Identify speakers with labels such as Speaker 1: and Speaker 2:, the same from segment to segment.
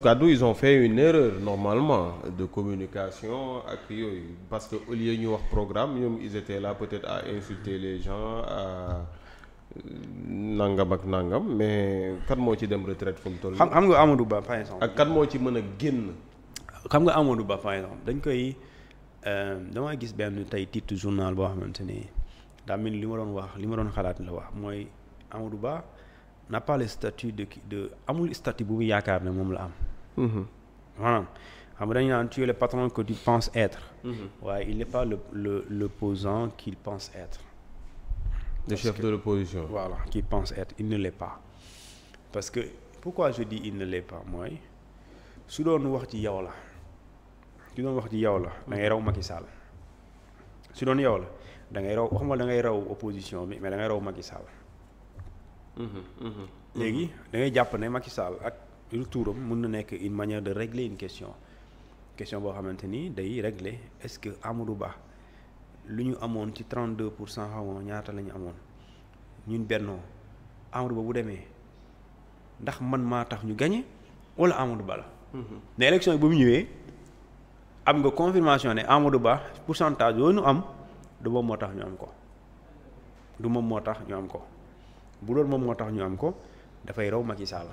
Speaker 1: kaddu ils ont fait une erreur normalement de communication ak yooyu parce que au lieu ñu wax programme ñoom ils étaient là peut-être à insulter les gens à nangam ak nangam mais kat moo ci dem retraite fu mu toll. xam nga Amadou Ba par exemple. moo ci mën a génn. xam nga Amadou Ba par dañ koy euh, damaa
Speaker 2: gis benn tey titre journal boo xamante ni daa mel li ma wax li ma doon xalaat la wax mooy Amadou Ba n'a pas statut de amul statut bu mu yaakaar ne moom la am.
Speaker 1: maanaam
Speaker 2: xam nga dañu naan tu le patron que tu penses être. waaye mm-hmm. il n' pas le le l'opposant qu'il pense être. le chef de l'opposition voilà qu'il pense être il ne l'est pas. parce que pourquoi je dis il ne l'est pas mooy su doon wax ci yow la su doon wax ci yow la da raw Macky Sall su doon yow la dangay ngay raw waxuma da ngay raw opposition bi mais da raw Macky Sall.
Speaker 1: Mm-hmm. Mm-hmm. léegi
Speaker 2: da jàpp ne Macky Sall ak. retour am mun na nekk une manière de régler une question question boo xamante nii day régler est-ce que Amadou Ba lu ñu amoon ci 32 pour cent xaw ñaata la ñu amoon ñun bennoo Amadou Ba bu demee ndax man maa tax ñu gagné wala Amadou Ba la. Mhm. ne élection yi bu mu ñëwee am nga confirmation ne Amadou pour centage yooyu nu am du moom moo tax ñu am ko du moom moo tax ñu am ko bu doon moom moo tax ñu am ko dafay raw mag Macky Sall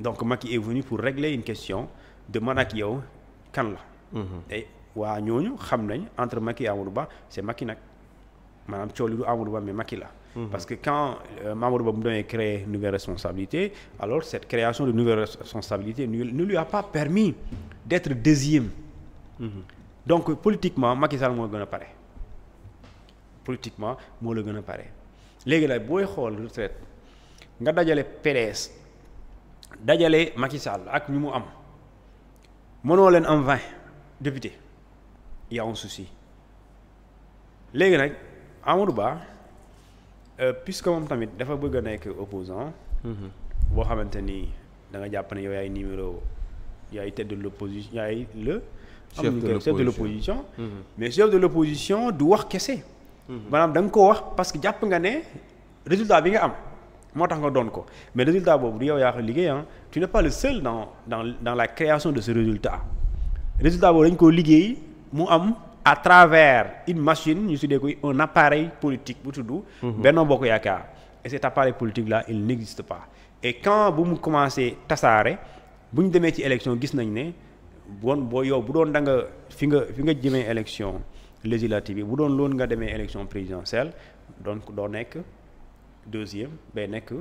Speaker 2: donc Macky est venu pour régler une question de man ak yow kan la. Mhm. et waa ñooñu xam nañ entre Macky et Ba c' est Macky nag maanaam coow li du Amadou Ba mais Macky la. Mhm. parce que quand euh, Amadou Ba mu doon créer une nouvelle responsabilité alors cette création de nouvelle responsabilité ne lui a pas permis d' être deuxième. Mm donc politiquement Macky Sall moo gën a pare. politiquement moo la gën a pare léegi nag booy xool retraite nga dajale PDS. dajale Macky Sall ak ñu mu am mënoo leen am vingt député y a un souci léegi nag Amadou Ba euh, puisque moom tamit dafa bëgg a nekk opposant mhm. boo xamante ni da nga jàpp ne yow yaay numéro yaay tête de l'opposition yaay le chef de l'opposition mhm. mais chef de l'opposition du wax kese mhm. maanaam da ko wax parce que jàpp nga ne résultat bi nga am moo tax nga doon ko mais résultat boobu du yow yaa ko liggéey ah tu n'es pas le seul dans dans dans la création de ce résultat résultat boobu dañ koo liggéey mu am à travers une machine ñu dee koy un appareil politique bu tudd. Mhm. boo ko Yaakaar et cet appareil politique là il n'existe pas et quand bu mu commencé tasaare bu ñu demee ci élection gis nañ ne bon boo yow bu doon da nga fi nga fi nga jëmee élection législative yi bu doon loolu nga demee élection présidentielle donc doo nekk. deuxième day nekk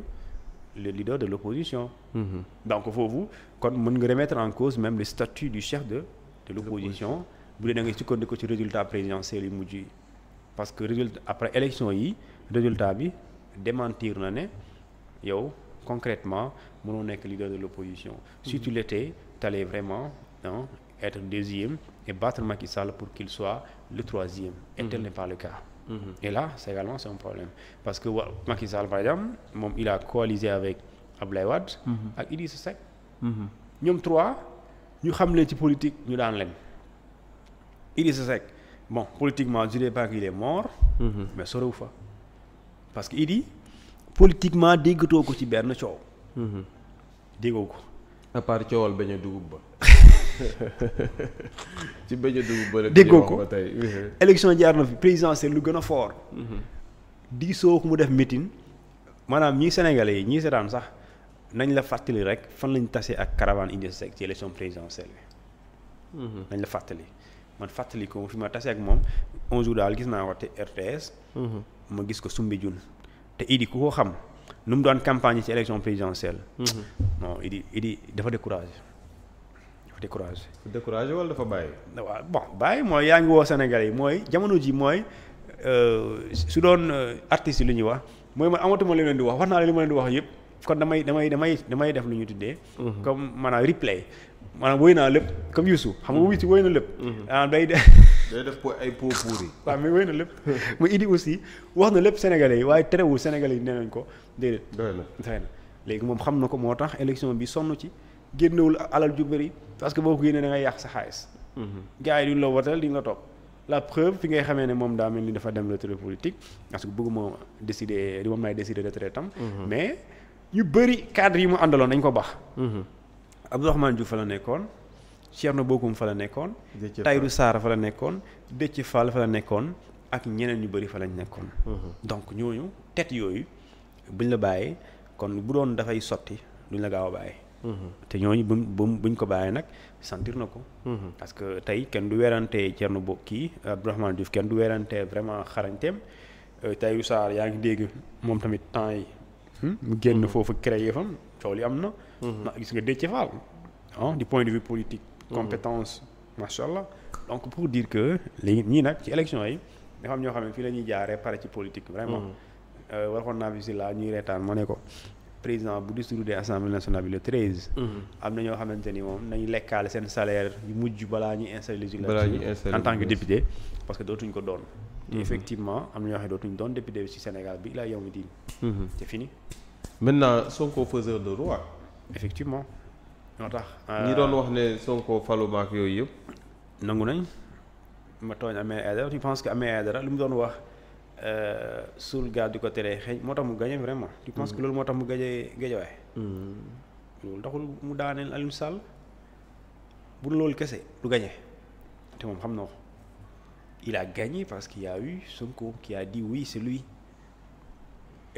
Speaker 2: le leader de l'opposition mmh. donc foofu kon mën nga remettre en cause même le statut du chef de de l'opposition bu dee da nga ko ci résultat présidentiel yu mu yi parce que résultat après élection yi résultat bi démentir na ne yow concrètement mënoo nekk leader de l'opposition si mhm. tu l'étais t'allais vraiment hein, être deuxième et battre Macky Sall pour qu'il soit le troisième et tel mhm. n'est le cas Mm-hmm. et là c'est également c'est un problème parce que wa Macky moom il a coalisé avec Ablaye Wade mm-hmm. ak Idrissa Seck mm-hmm. ñoom trois ñu xam leen ci politique ñu daan leen Idrissa Seck bon politiquement je dirais pas qu'il mais sorewu fa parce que Idi politiquement déggatoo ko ci benn coow
Speaker 1: déggoo ko à coowal bañ a dugub ba ci bëj dugub bële. déggoo ko tey
Speaker 2: élection na fi présidentielle lu gën a fort. Mhm. di soog mu def meeting maanaam ñii sénégalais yi ñii seetaan sax nañ la fàttali rek fan lañ tase ak caravane Idrissa Seck ci élection présidentielle mhm. nañ la fàttali man fàttali ko fi ma tase ak moom un jour daal gis naa ko te RTS. Mhm. ma gis ko Soumbédioune te Idi ku ko xam nu mu doon campagne ci élection présidentielle. non Idi dafa découragé. dafa découragé. découragé wala dafa bàyyi. waaw bon bàyyi mooy yaa ngi woo Sénégal yi mooy jamono ji mooy euh, su doon euh, artistes yi lu ñuy wax mooy man amatuma li ma leen di wax wax naa li ma leen di wax yëpp kon damay damay damay damay def lu tuddee. Mhm. comme maanaam replay. maanaam woy naa lépp comme Youssou xam nga mhm. Youssou woy na lépp. Mhm. Ah, day def.
Speaker 1: day def pour ay pour pour yi.
Speaker 2: waaw lépp mu Idi aussi wax na lépp Sénégalais yi waaye terewul Sénégalais yi nee nañ ko déedéet. na léegi moom xam na ko moo tax élection bi sonn ci génnewul alal ju bëri. parce que boo ko génnee da ngay yàq sa xaalis. Mm-hmm. gars yi duñ la wotal duñ la topp. la preuve fi ngay xamee ne moom daa mel ni dafa dem retraite politique parce que bëgguma décider li moom laay décider retraite tam. Mm-hmm. mais ñu bëri cadre yi mu àndaloon dañ ko baax. Mm-hmm. Abdourahmane Diouf fa la nekkoon. Thierno Bocoum fa la nekkoon. Tahirou Sarr fa la nekkoon. Déthié Fall fa la nekkoon. ak ñeneen ñu bëri fa lañ nekkoon. donc ñooñu tet yooyu buñ la bàyyee kon bu doon dafay sotti duñ la gaaw a bàyyi. te ñooñu bu mu buñ ko bàyyee nag sentir na ko. Mm-hmm. parce que tey kenn du werante Thierno Bock kii Abdourahmane Diouf kenn du werante vraiment xarañteem euh, Tahirou Sarr yaa ngi dégg moom tamit temps yi. Hmm, mu génn mm-hmm. foofu créé fam coow li am na. Mm-hmm. gis nga Déthié Fall ah du point de vue politique. compétence macha allah. donc pour dire que léegi ñii nag ci élection yi dafa am ñoo xam ne fii la ñuy jaaree pare ci politique. vraiment euh, waxoon naa fi si laa ñuy reetaan ma ne ko. président bu dissoudre assemblée nationale bi le treize. Mm-hmm. am na ñoo xamante ni moom nañu lekkaale seen salaire yu mujj balaa ñuy installer législature en tant que député parce que dootuñ ko doon. te mm-hmm. effectivement am na ñoo xam ne dootuñ doon député ci Sénégal bi laa yow mi diin.
Speaker 1: Mm-hmm. c'est fini. maintenant Sonko faiseur de roi. effectivement moo tax. Euh, ñi doon wax ne Sonko falumaak yooyu yëpp. nangu nañ ma
Speaker 2: tooñ Ahmed Aïdara tu penses que Ahmed lu mu doon wax. Euh, suul gaa di ko teree xëy moo tax mu gagné vraiment. tu penses que mm. loolu moo mu gagné Guédiawaye. Mm. loolu taxul mu daaneel Alioune Sall bu loolu kese du gagné te moom xam na ko il a gagné parce qu'il y a eu Sonko qui a dit oui c'est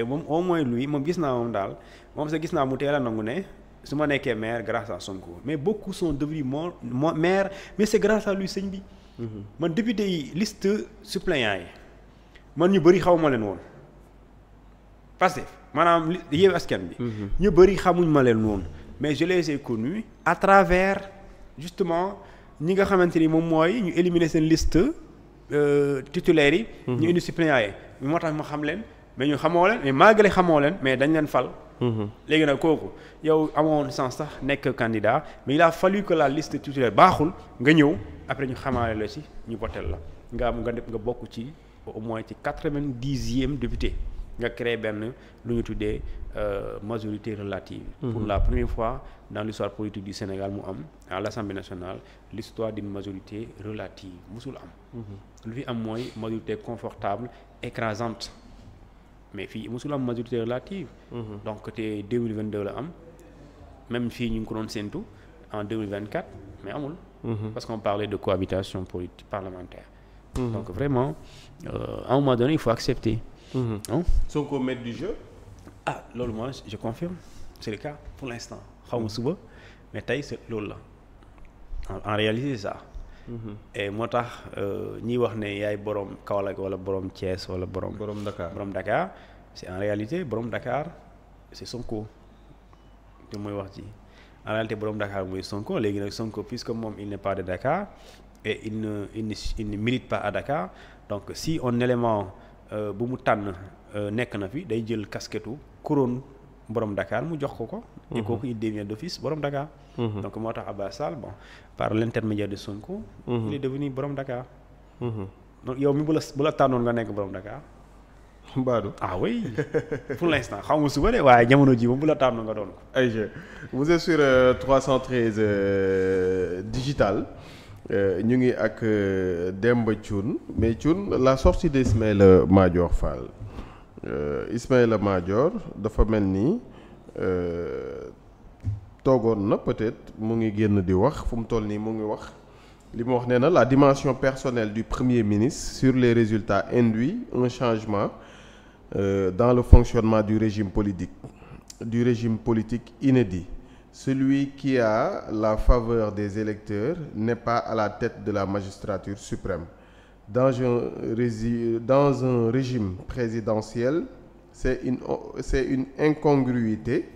Speaker 2: moom au moins lui moom gis naa moom daal moom sax gis naa mu teel a nangu ne su ma nekkee maire grâce à mais beaucoup sont devenus mon maire mais c'est grâce à sëñ bi. Mm-hmm. man député yi liste suppléant yi. man ñu bëri xaw ma leen woon Pastef maanaam Yewwi Askan Wi mhm. ñu bëri xamuñ ma leen woon mais je les ai connus à travers justement ñi nga xamante ni moom mooy ñu éliminer seen liste euh, titulaires yi mhm. ñu indi suppléants yi moo tax ma xam leen mais ñu xamoo leen mais malgré xamoo leen mais dañ leen fal mhm. léegi nag kooku yow amoon sens sax nekk candidat mais il a fallu que la liste titulaire baaxul nga ñëw après ñu xamaale la ci ñu boteel la nga am nga nga ci ko au moins ci quatre-vingt-dixième député nga créé benn lu ñu tuddee euh, majorité relative. Mm-hmm. pour la première fois dans l'histoire politique du Sénégal mu am à l'Assemblée nationale l'histoire d'une majorité relative musul am. Mm-hmm. lu fi am mooy majorité confortable écrasante mais fii musul am majorité relative. Mm-hmm. donc te 2022 la am même fii ñu ngi ko doon séntu en mais amul. parce qu'on parlait de cohabitation politique parlementaire. Mhm. donc vraiment euh, à un moment donné il faut accepter. Mhm. Sonko maître du jeu. ah loolu moi je confirme c'est le cas pour l'instant xaw ma mhm. suba mais tey c'est loolu la en réalité c'est ça. et moo tax euh, ñiy wax ne yaay borom Kaolack wala borom Thiès wala borom. borom Dakar borom Dakar c'est en réalité borom Dakar c'est Sonko te mooy wax ji en réalité borom Dakar mooy Sonko léegi nag Sonko puisque moom il n'est pas de Dakar. in il ne il ne il à Dakar donc si un élément euh, bu mu tànn euh, nekk na fi day jël kasketu couronne borom Dakar mu jox ko ko. et mhm. kooku il devient d'office borom Dakar. Mhm. donc moo tax a Sall bon par l'intermédiaire de Sonko. Mhm. il est devenu
Speaker 1: yow mi bu la tànnoon nga nekk borom Dakar. Badou ah oui pour l'instant
Speaker 2: xaw ma suba de waaye jamono ji moom bu la taam
Speaker 1: nga doon ko. ay je vous êtes sur euh, digital. Euh, ñu ngi ak euh, Demba Thioune mais Thioune la sortie de Ismaïla Madior Fall euh, Ismaïla Madior dafa mel ni toogoon na peut-être mu ngi génn di wax fu mu toll nii mu ngi wax li mu wax nee na la dimension personnelle du premier ministre sur les résultats induit un changement dans le fonctionnement du régime politique du régime politique inédit celui qui a la faveur des électeurs n'est pas à la tête de la magistrature suprême. Dans un, dans un régime présidentiel, c'est une, une incongruité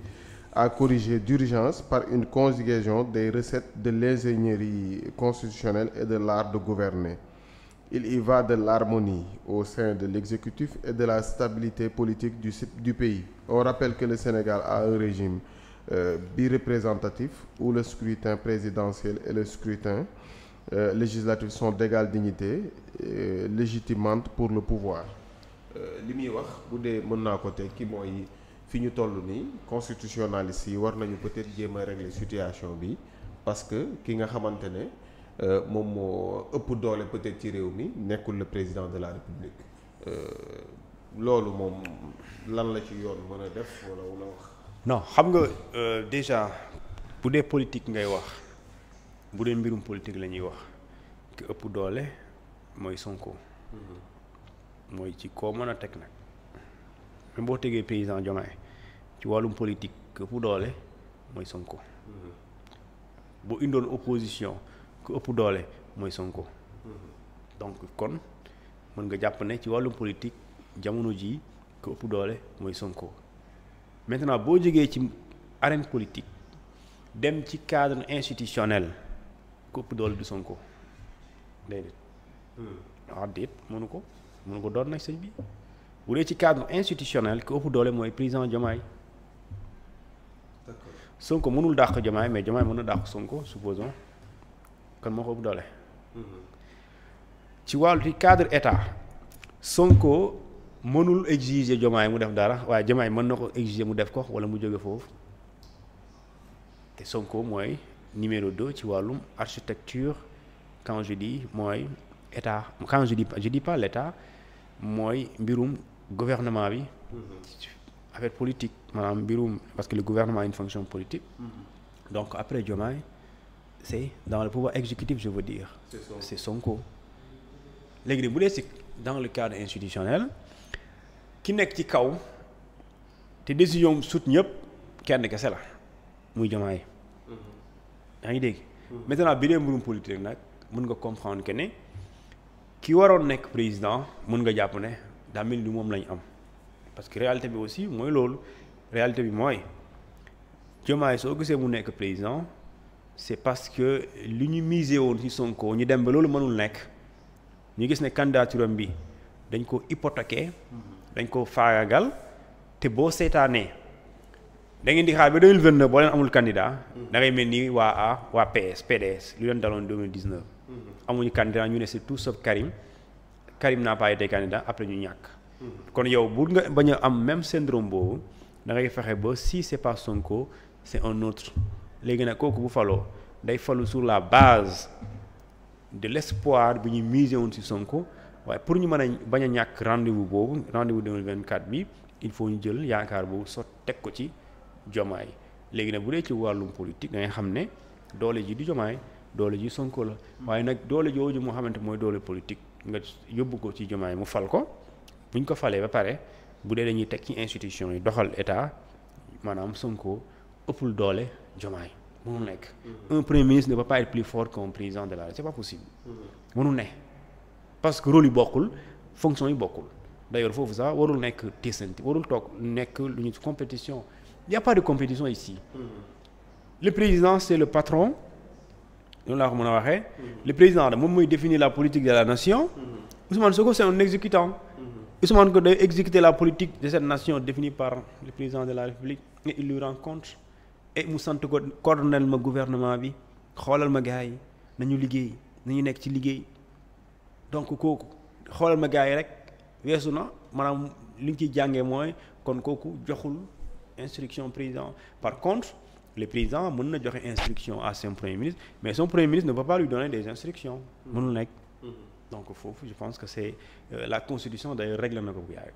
Speaker 1: à corriger d'urgence par une conjugaison des recettes de l'ingénierie constitutionnelle et de l'art de gouverner. Il y va de l'harmonie au sein de l'exécutif et de la stabilité politique du, du pays. On rappelle que le Sénégal a un régime bi euh, bireprésentatif ou le scrutin présidentiel et le scrutin euh, législatif son d'égale dignité et légitimante pour le pouvoir euh, li muy wax bu dee mën naa ko teg ki mooy fi ñu toll nii constitutionnaliste yi war nañu peut-être jéem a régler situation bi parce que ki nga xamante ne euh, moom moo ëpp doole peut-être ci réew mi nekkul le président de la république loolu moom lan la ci yoon mën a def wala wala wax non xam nga euh, déjà bu dee politique
Speaker 2: ngay wax bu dee mbirum politique la ñuy wax ki ëpp doole mooy Sonko mm-hmm. mooy ci koo mën a teg nag même boo tegee paysan Diomaye ci wàllum politique ki ëpp doole mooy Sonko mm-hmm. boo indoon opposition ku ëpp doole mooy Sonko mm-hmm. donc kon mën nga jàpp ne ci wàllum politique jamono ji ku doole mooy Sonko maintenant boo jógee ci arène politique dem ci cadre institutionnel képp doole du Sonko déedéet. waaw hmm. ah, déet mënu ko mënu ko doon nag sëñ bi bu dee ci cadre institutionnel ki ëpp doole mooy président Diomaye. d'accord Sonko mënul dàq Diomaye mais Diomaye mën na dàq Sonko supposons kon moo ko ëpp doole. Hmm. ci wàllu ci cadre état Sonko. mënul exiger jomaay mu def dara waaye jomaay mën na ko exiger mu def ko wala mu jóge foofu te Sonko mooy numéro deux ci wàllum architecture quand je dis mooy état quand je dis je pas l'état mooy mbirum gouvernement bi. Mm-hmm. affaire politique maanaam mbirum parce que le gouvernement a une fonction politique.
Speaker 1: Mm-hmm.
Speaker 2: donc après Diomaye c'est dans le pouvoir exécutif je veux dire. c'est Sonko léegi bu dee si dans le cadre institutionnel. ki nekk ci kaw te décision sut ñëpp kenn kese la muy Diomaye yaa ngi dégg maintenant bi dee mbirum politique nag mun nga comprendre que ne ki waroon nekk président mun nga jàpp ne daa mel ni moom lañu am parce que réalité bi aussi mooy loolu réalité bi mooy Diomaye soo gisee mu nekk président c'est parce que li ñu misé woon ci Sonko ñu dem ba loolu mënul nekk ñu gis ne candidature am bi dañ ko hypothéquer dañ ko faagagal te boo seetaanee da ngeen di xaar ba 2029 boo leen amul candidat mm-hmm. da mel ni waa A waa PS PDS lu leen daloon 2019 mm-hmm. amuñu candidat ñu ne c'est tout sauf Karim Karim n'a pas été candidat après ñu ñàkk mm-hmm. kon yow bu nga bañ a am même syndrome boobu da fexe ba si c'est pas Sonko c'est un autre léegi nag kooku bu faloo day falu sur la base de l'espoir bi ñuy misé woon ci Sonko waaye pour ñu mën a bañ a ñàkk rendez-vous boobu rendez-vous 2024 bi il faut ñu jël yaakaar boobu sot teg ko ci jomaay léegi nag bu dee ci wàllum politique da ngay xam ne doole ji di jomaay doole ji sonko la waaye nag doole jooju moo xamante mooy doole politique nga yóbbu ko ci jomaay mu fal ko bu ñu ko falee ba pare bu dee dañuy teg ci institution yi doxal état maanaam sonko ëppul doole jomaay mënul nekk mm-hmm. un premier ministre ne peut pas être plus fort de la c'est pas possible mm-hmm. mënul ne parce que rôle yi bokkul fonction yi bokkul d'ailleurs foofu sax warul nekk tiisanti warul toog nekk lu ñu compétition il a pas de compétition ici mm-hmm. le président c'est le patron loolu laa ko mën a waxee mm-hmm. le président da moom mooy définir la politique de la nation mm-hmm. Ousmane Sonko c'est un exécutant Ousmane Sonko day exécuter la politique de cette nation définie par le président de la République et il lui rend compte et mu sant ko coordonnel ma gouvernement bi xoolal donc kooku xoolal ma gars yi rek weesu na maanaam li ñu ciy jàngee mooy kon kooku joxul instruction président par contre le président mën na joxe instruction à son premier ministre mais son premier ministre ne peut pas lui donner des instructions. mënul nekk mm-hmm. donc foofu je pense que c'est euh, la constitution d'ailleurs règle na ko bu yaay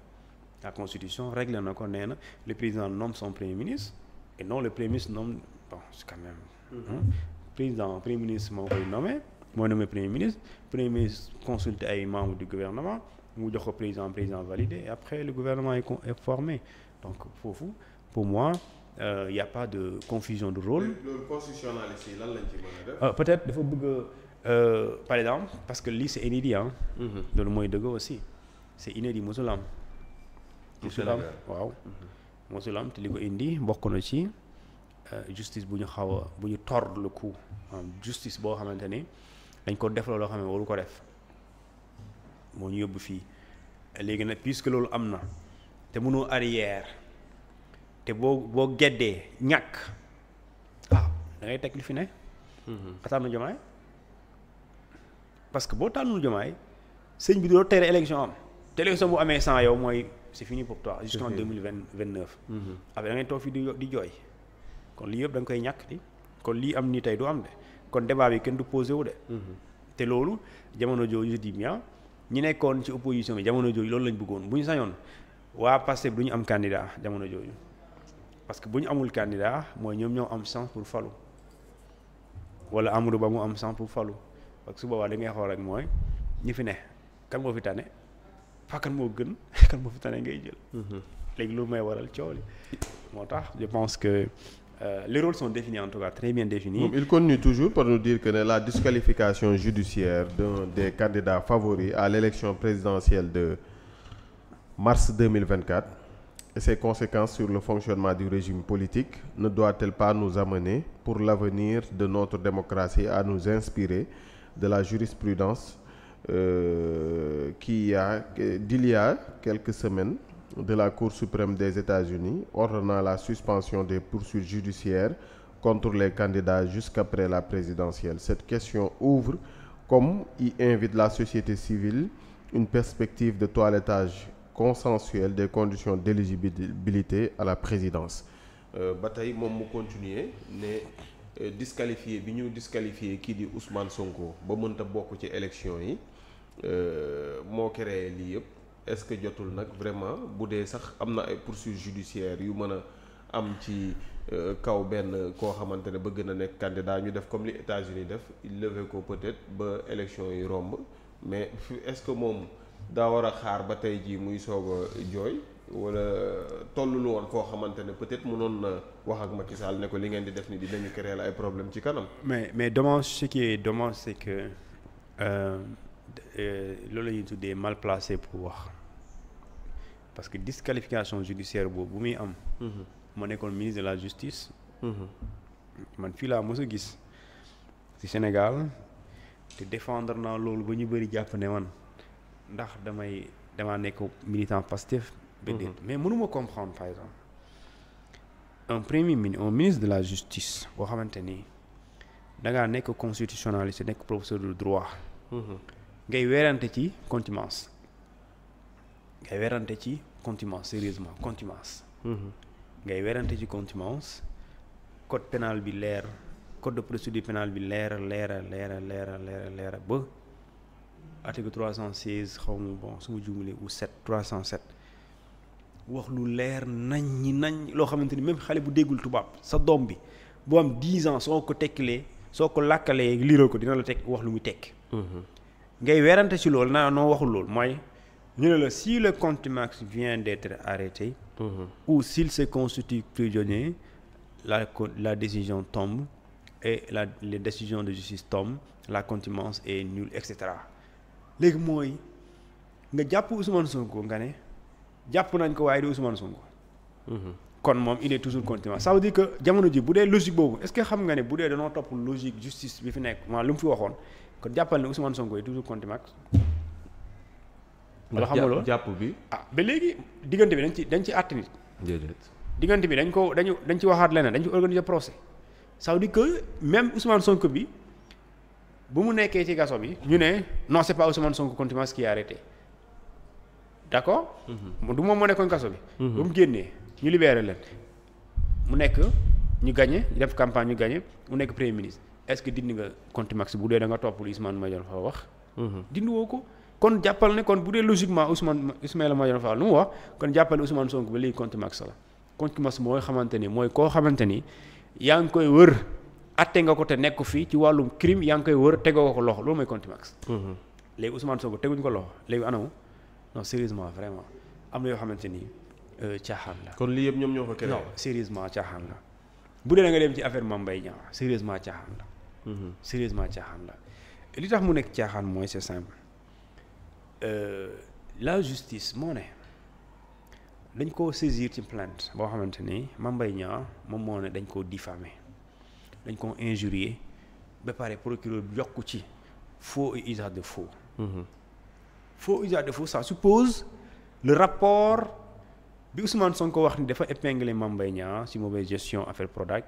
Speaker 2: la constitution règle na ko nee na le président nomme son premier ministre et non le premier ministre nomme mm-hmm. président premier ministre moo koy nommé. moo nommé premier ministre premier ministre consulte ay membres du gouvernement mu jox ko président président valide et après le gouvernement est formé donc foofu pour moi il euh, y a pas de confusion de rôle.
Speaker 1: loolu lan lañ euh,
Speaker 2: peut-être dafa bëgg euh, par exemple parce que li c'est inédit ah. loolu mooy dëgg aussi c'est inédit mosul am. mosul am waaw. Mm-hmm. mosul te li ko indi bokk na ci justice bu ñu xaw a bu ñu tordre le coup justice boo xamante ni. dañ ko def loolu loo xam ne waru ko def moo ñu yóbbu fii léegi nag puisque loolu am na te mënoo arrière te boo boo geddee ñàkk waaw ah, da teg li fi ne. nga tànn jomaay parce que boo tànnul jomaay sëñ bi doo tere élection am te élection bu amee sans yow mooy c'est fini pour toi jusqu'en deux mille vingt vingt neuf. Mhm. après toog fii di di jooy kon lii yëpp da koy ñàkk di kon lii am nii tey du am de. kon demaa bi kenn du posé wu de. Mhm. te loolu jamono jooju je dis bien ñi nekkoon ci opposition bi jamono jooju loolu lañ bëggoon bu ñu sañoon waa Pastef du ñu am candidat jamono jooju parce que bu ñu amul candidat mooy ñoom ñoo am chance pour falu wala Amadou Ba mu am chance pour falu ak que su boobaa da ngay xool rek mooy ñi fi ne kan moo fi tane fa kan moo gën kan moo fi tane ngay jël. Mhm. léegi lu may waral coow li moo tax je
Speaker 1: pense que.
Speaker 2: Euh, les rôles sont définis en tout cas très bien définis. Donc, il
Speaker 1: continue toujours que la disqualification judiciaire d'un des candidats à l'élection présidentielle de mars 2024 et ses conséquences sur le fonctionnement du régime politique ne doit-elle pas nous amener, pour l'avenir de notre démocratie, à nous inspirer de la jurisprudence euh, qui a euh, d'il y a semaines de la Cour suprême des États-Unis ordonnant la suspension des poursuites judiciaires contre les candidats jusqu'après la présidentielle. Cette question ouvre, comme y invite la société civile, une perspective de toilettage consensuel des conditions d'éligibilité à la présidence. Euh, ba tey moom mu continuer ne euh, disqualifié bi ñu disqualifié kii di Ousmane Sonko ba mënta bokk ci élection yi euh, moo créé lii yëpp. est-ce que jotul nag vraiment bu dee sax am na ay poursuites judiciaires yu mën a am ci euh, kaw benn koo xamante ne bëgg na nekk candidat ñu def comme li États-Unis def leve ko peut-être ba élection yu romb mais fi ce moom daa war a xaar ba tey jii muy soog a jooy wala tollul woon koo xamante ne peut-être mënoon na wax ak Macky Sall ne ko li ngeen di def ni dinañu créer la ay problème ci kanam.
Speaker 2: mais mais dommage ce qui est dommage c'est euh,
Speaker 1: euh, loolu
Speaker 2: la tuddee mal placé pour wax. parce que disqualification judiciaire boobu bu muy am. ma mhm. nekkoon ministre de la justice. Mhm. man fii laa mos gis ci Sénégal te défendre naa loolu ba ñu bëri jàpp ne man ndax damay damaa nekk militant Pastef. déedéet mhm. mais mënuma comprendre par exemple un premier ministre un ministre de la justice boo xamante ni nekk ngaa yi constitutionnaliste nekk professeur de droit. ngay weerante ci contumace ngay weerante ci. contumace sérieusement contumace mm-hmm. ngay werante ci contumace code pénal bi leer code de procédure pénale bi leer leer leer leera leera leera ba article 316 xaw ma bon su ma juumlee ou 7 307 wax lu leer nañ ñi nañ loo xamante ni même xale bu déggul tubaab sa doom bi boo am 10 ans soo ko tekkilee soo ko làkkalee liiral ko dina la tekk wax lu muy tekk mm-hmm. ngay werante ci loolu naa noo waxul loolu mooy ñu ne la si le compte Max vient d'être arrêté mmh. ou s'il se constitue prisonnier la la décision tombe et la les décisions de justice tombent la contumace et nulle et cetera léegi mooy nga jàpp Ousmane Sonko nga ne jàpp nañ ko waaye di Ousmane Sonko. Mhm. kon moom il est toujours contumace ça veut dire que jamono ji bu dee logique boobu est-ce que xam nga ne bu dee danoo topp logique justice bi fi nekk maanaam lu mu fi waxoon kon jàppal ne Ousmane Sonko est toujours contumace wala xamuloo loolu jàpp bi. ah ba léegi diggante bi dañ ci dañ ci àtt nit. diggante bi dañ ko dañu dañ ci waxaat leneen dañ ci organiser procès ça veut dire que même Ousmane Sonko bi bu mu nekkee ci gaso bi. ñu ne non c'est pas Ousmane Sonko contumace qui a arrêté d'accord. Mhm. du moom moo nekkoon gaso bi. Mhm. ba mu génnee ñu libéré leen mu nekk ñu gagné ñu def campagne ñu gagné mu nekk premier ministre est-ce que dindi nga contumace bu dee da nga topp lu Ousmane Madior Fall wax. Mhm. dind woo ko. kon jàppal ne kon bu dee logiquement Ousmane Ismaïla Madior Fall lu mu wax kon jàppal Ousmane Sonko ba léegi compte max la compte max mooy xamante ni mooy koo xamante ni yaa ngi koy wër atte nga ko te nekk fii ci wàllum crime yaa ngi koy wër tegoo ko loxo loolu mooy compte max. Mm-hmm. léegi Ousmane Sonko teguñ ko loxo léegi anamu non sérieusement vraiment am na yoo xamante ni euh, caaxaan la. kon lii yëpp ñoom ñoo ko créé. non sérieusement caaxaan la bu dee da nga dem ci affaire Mame Mbaye Niang sérieusement caaxaan la. Mm-hmm. sérieusement caaxaan la li tax mu nekk caaxaan mooy c'est simple. Euh, la justice moo ne dañ koo saisir ci plainte boo xamante ni Mame moom moo ne dañ koo diffamer dañ koo injurier ba pare procureur yokk ci faux et usage de faux. Mmh. faux usage de faux ça suppose le rapport bi Ousmane ko wax ni dafa épingler Mame Mbaye Niang ci mauvaise gestion affaire Prodac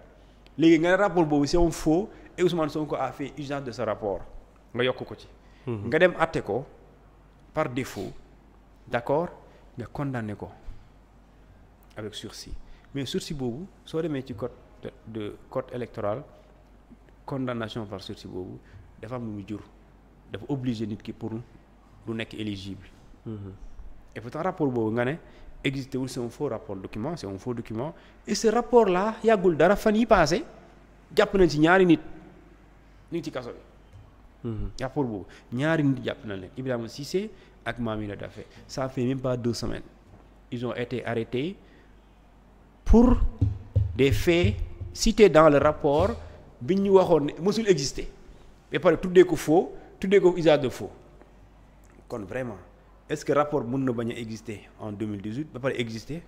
Speaker 2: léegi nga ne rapport boobu c'est un faux et Ousmane Sonko a de sa rapport nga yokk ko ci. Mm-hmm. nga dem àtte ko. par défaut d'accord nga condamné ko avec sursis mais sursis boobu soo demee ci code de code électoral condamnation par sursis boobu dafa am lu mu jur dafa obligé nit ki pour du nekk éligible mm-hmm. et tax rapport boobu nga ne existé wul c'est un faux rapport document c'est un faux document et ce rapport là yàggul dara fan yi passé jàpp nañ ci ñaari nit ñu ci kaso bi rapport mhm. boobu ñaari nit jàpp na leen Ibrahima Cissé ak Mamina Daffé ça fait même pas deux semaines ils ont été arrêtés pour des faits cités dans le rapport bi ñu waxoon ne mësul exister ba pare tuddee ko faux tuddee ko usage de faux kon vraiment est-ce que rapport mun na bañ a exister en 2018 ba pare exister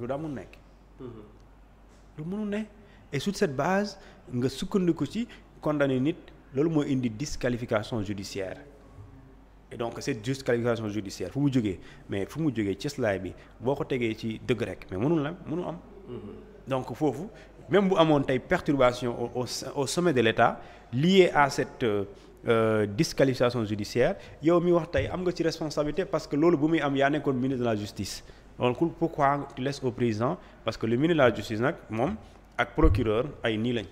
Speaker 2: lu daa mun nekk mhm. lu mënul ne et sur cette base nga sukkandiku ci condamné nit loolu mooy indi disqualification judiciaire et donc cette disqualification judiciaire fu mu jógee mais fu mu jógee cëslaay bi boo ko tegee ci dëgg rek mais mënul la mënul am. donc foofu même bu amoon tey perturbation au au sommet de l'État liée à cette. Euh, euh, disqualification judiciaire yow mi wax tey am nga ci responsabilité parce que loolu bu muy am yaa nekkoon ministre de la justice donc pourquoi tu laisses au président parce que le ministre la justice nag moom ak procureur ay nii lañ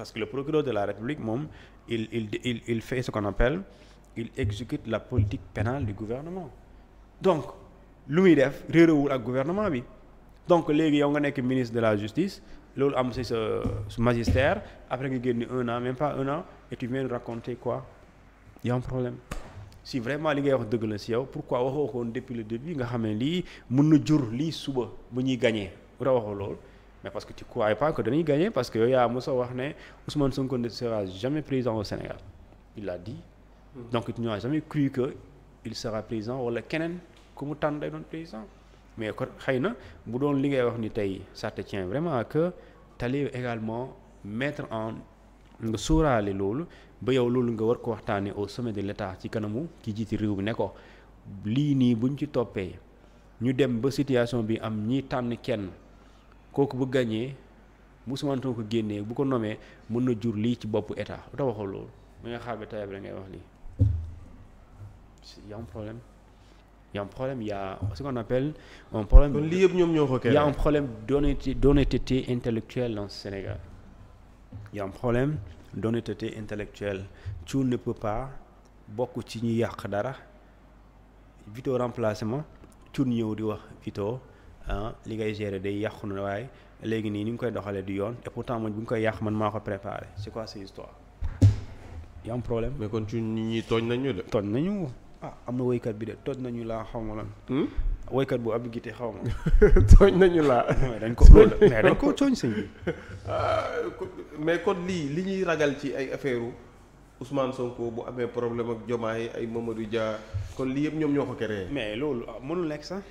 Speaker 2: parce que le procureur de la République moom il il il il fait ce qu'on appelle il exécute la politique pénale du gouvernement donc lu muy def réeréwul ak gouvernement bi donc léegi yow nga nekk ministre de la justice loolu am si sa su magistère après nga génn un an mais pas un an et raconter quoi y problème si vraiment li ngay wax dëgg la si yow pourquoi waxoo ko woon depuis le début nga xam ne lii mën na jur lii suba bu ñuy gañee bu la waxoo loolu mais parce que tu croyais pas que dañuy gagner parce que yow yaa mos a wax ne Ousmane Sonko ne jamais président au Sénégal il l'a dit. Hmm. donc tu n'as jamais cru que il sera président wala keneen ku mu tànn day doon président. mais ko xëy na bu doon li ngay wax ni tey ça te vraiment que cœur également mettre en nga suuraale loolu ba yow loolu nga war ko waxtaanee au sommet de l'État ci kanamu ki jiiti réew mi ne ko lii nii buñ ci toppee ñu dem ba situation bi am ñii tànn kenn. kooku bu gagné bu Ousmane Sonko génnee bu ko nomee mën na jur lii ci boppu état lu tax waxoo loolu mi nga xaar bi la ngay wax lii y' a un problème y' a un problème y' a ce qu'on appelle un problème. kon lii yëpp ñoom ñoo ko y' a un problème d'honnêteté d'honnêteté intellectuelle dans ce Sénégal y' a problème d'honnêteté intellectuelle tu ne peux bokk ci ñu yàq dara vito remplacement tur ñëw di wax vito. ah li ngay gérer day yàqu na waaye léegi nii ni ñu koy doxalee di yoon te pourtant man bu ñu koy yàq man maa ko préparé c'est quoi cette histoire y' problème. mais kon ci nit ñi tooñ nañu de. tooñ nañu ah am na woykat bi de tooñ nañu laa xaw ma lan. Hmm? woykat bu ab gite xaw ma. tooñ nañu laa.
Speaker 1: dañ ko mais dañ ko tooñ sëñ bi. Ah, mais kon lii li ñuy ragal ci ay affaire Ousmane Sonko bu amee problème ak Diomaye ay Mamadou Dia kon lii yëpp ñoom ñoo ko créé. mais loolu ah, mënul nekk sax.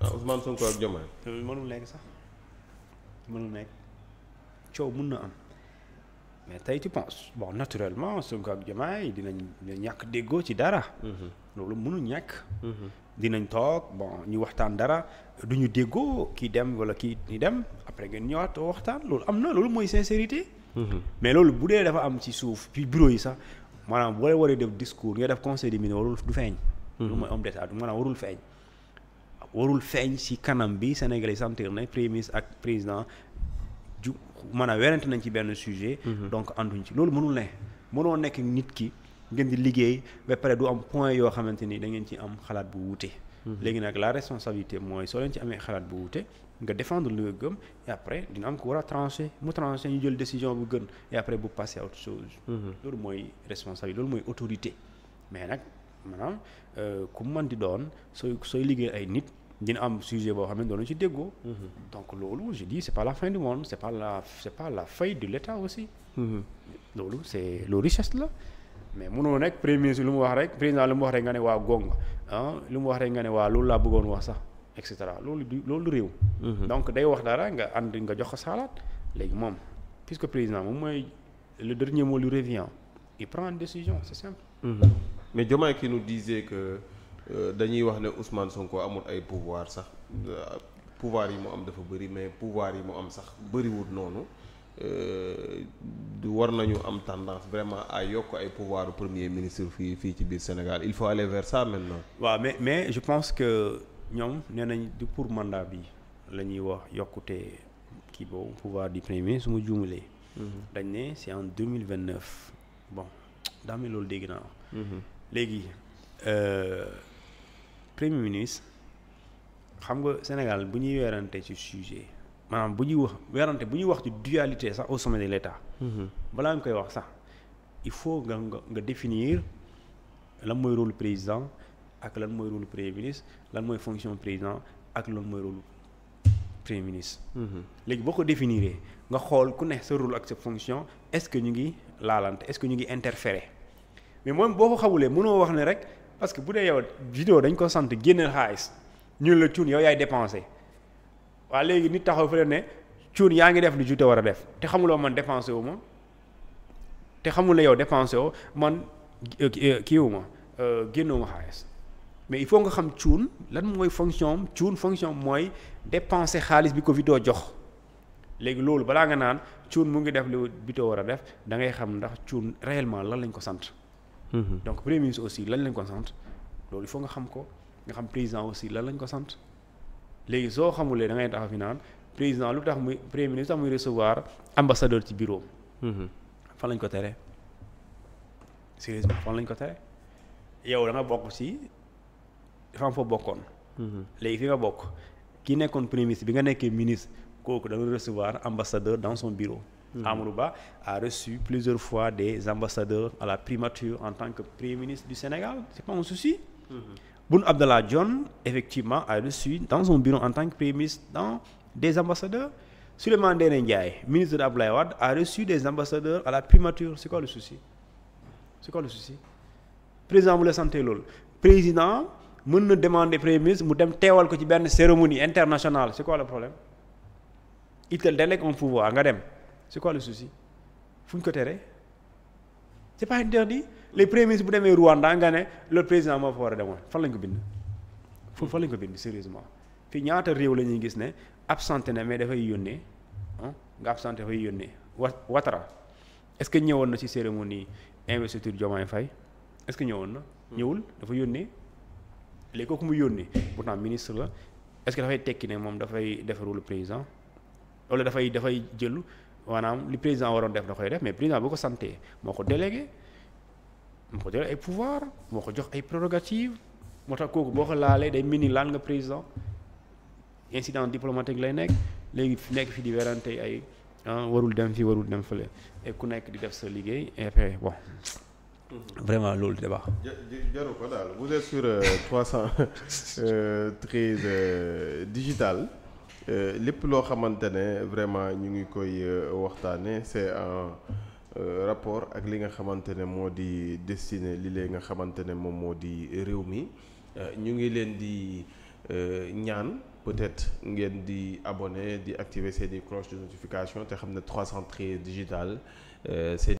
Speaker 1: waaw Ousmane Sonko ak Diomaye. loolu
Speaker 2: mënul nekk sax mënul nekk coow mun na am mais tey tu penses bon naturellement Sonko ak Diomaye dinañ ñàkk déggoo ci dara. Mhm. loolu mënul ñàkk. Mhm. dinañ toog bon ñu waxtaan dara duñu ñu déggoo kii dem wala kii ni dem après ngeen ñëwaat waxtaan loolu am na loolu mooy sincérité. Mhm. mais loolu bu dee dafa am ci suuf ci bureau yi sax maanaam boo waree def discours nga def conseil des ministres warul du feeñ. lu mooy homme d'état maanaam warul feeñ. warul feeñ ci kanam bi Sénégalais sentir ne premier ministre ak président ju man a werante nañ ci benn sujet. Mhm. donc ànduñ ci loolu mënul ne mënoo nekk nit ki ngeen di liggéey ba pare du am point yoo xamante ni da ngeen ci am xalaat bu wuute. Mhm. léegi nag la responsabilité mooy soo leen ci amee xalaat bu wute nga défendre lu gëm et après dina am ko war a tranché mu tranché ñu jël décision bu gën et après bu passer à autre chose. Mhm. loolu mooy responsabilité loolu mooy autorité mais nag. maanaam euh, ku mën di doon sooy sooy liggéey ay nit dina am sujet boo xam ne doon ci déggoo. Mhm. donc loolu je dis c'est pas la fin du monde c'est pas la c'est pas l'État aussi. Mhm. loolu c'est loolu richesse la. mais munoo nekk premier ministre lu mu wax rek président lu mu wax rek nga ne waa gong ah lu mu wax rek nga ne waa loolu laa bëggoon wax sax et cetera loolu du loolu réew. Mhm. donc day wax dara nga ànd nga jox ko saalaat léegi moom puisque président moom mooy
Speaker 1: le dernier mot lui mais Diomaye ki nu disait que euh, dañuy wax ne Ousmane Sonko amul ay pouvoir sax euh, pouvoir yi mu am dafa bëri mais pouvoir yi mu am sax bëriwul noonu euh, war nañu am tendance vraiment à yokk ay pouvoir premier ministre fii fii ci biir Sénégal il faut aller vers ça maintenant. waa mais mais je pense que ñoom nee nañ du pour mandat bi la
Speaker 2: ñuy wax yokkute kii boobu pouvoir di premier ministre su ma juumalee. Mhm. dañ ne c'est en deux mille vingt neuf bon daa loolu dégg naa. Mhm. léegi euh, premier ministre xam nga Sénégal bu ñuy weerante ci sujet maanaam bu ñuy wax weerante bu ñuy wax ci dualité sax au sommet de l'État mhm. balaa nga koy wax sax il faut nga nga nga définir lan mooy rôle président ak lan mooy rôle premier ministre lan mooy fonction président ak lan mooy rôle premier ministre mhm. léegi boo ko définiree nga xool ku ne sa rôle ak sa fonction est-ce que ñu ngi laalante est-ce que ñu ngi interférer mais moom boo ko xamulee mënoo wax ne rek parce que bu dee yow vidéo dañ ko sant génneel xaalis ñun la cuun yow yaay dépensé waa léegi nit taxaw fa ne cuun yaa ngi def lu jute war a def te xamuloo man dépensé wu ma te xamul ne yow dépensé woo man euh, euh, kii wu ma euh, génnoo ma xaalis mais il faut nga xam cuun lan mooy fonction am cuun mooy dépensé xaalis bi ko vidéo jox léegi loolu balaa nga naan cuun mu ngi def li vidéo war a def da ngay xam ndax cuun réelement lan lañ ko sant Mhm. donc premier ministre aussi lan lañ ko sant loolu il nga xam ko nga xam président aussi lan lañ ko sant léegi soo xamulee da tax a fi naan président lu tax muy premier ministre lu tax muy recevoir ambassadeur ci bureau mhm. fan lañ ko tere sérieusement fan lañ ko tere yow da bokk si dafa foo bokkoon mhm. léegi fi nga bokk ki nekkoon premier ministre bi nga nekkee ministre kooku da nga recevoir ambassadeur dans son bureau Mm-hmm. Amadou Ba a reçu plusieurs fois des ambassadeurs à la primature en tant que premier ministre du Sénégal c'est pas un souci. Mm-hmm. Boun Abdallah Dionne effectivement a reçu dans son bureau en tant que premier ministre dans des ambassadeurs. Souleymane Ndéné Ndiaye ministre d'Abdoulaye Wade a reçu des ambassadeurs à la primature c'est quoi le souci c'est quoi le souci président bu la santé loolu président mën na demander premier ministre mu dem teewal ko ci benn cérémonie internationale c'est quoi le problème il te délègue un nga dem. c'est quoi le souci fu ñu ko teree c'est interdit les premiers ministres bu demee Rwanda nga ne le président moo fa war a demoon fan lañ ko bind foofu fan lañ ko bind sérieusement fii ñaata réew la ñuy gis ne absenté na mais dafay yónnee ah, nga absenté dafay yónnee wa Ouattara est-ce que ñëwoon na ci cérémonie investiture Diomaye Faye est-ce que ñëwoon na. ñëwul dafa yónnee léegi kooku mu yónnee pourtant ministre la est que dafay tekki ne moom dafay defarul président wala dafay dafay jël. waanaam li président waroon def da koy def mais président bu ko santé moo ko délégué moo ko délégué ay pouvoir moo ko jox ay prérogative moo tax kooku boo ko laalee day mini ni laal nga président incident diplomatique lay nekk léegi nekk fi di werante ay ah, warul dem fi warul dem fële et ku nekk di def
Speaker 1: sa liggéey
Speaker 2: et puis bon mhm. vraiment loolu di baax.
Speaker 1: jaru ko daal vous êtes sur 313 euh, euh, euh, digital. Euh, lépp loo xamante ne vraiment ñu ngi koy euh, waxtaane c'est en euh, rapport ak li nga xamante ne moo di destiné li lay nga xamante ne moom moo di réew mi ñu ngi leen di ñaan peut-être ngeen di abone di activer seen i cloche de notification te xam ne 313 digital c'est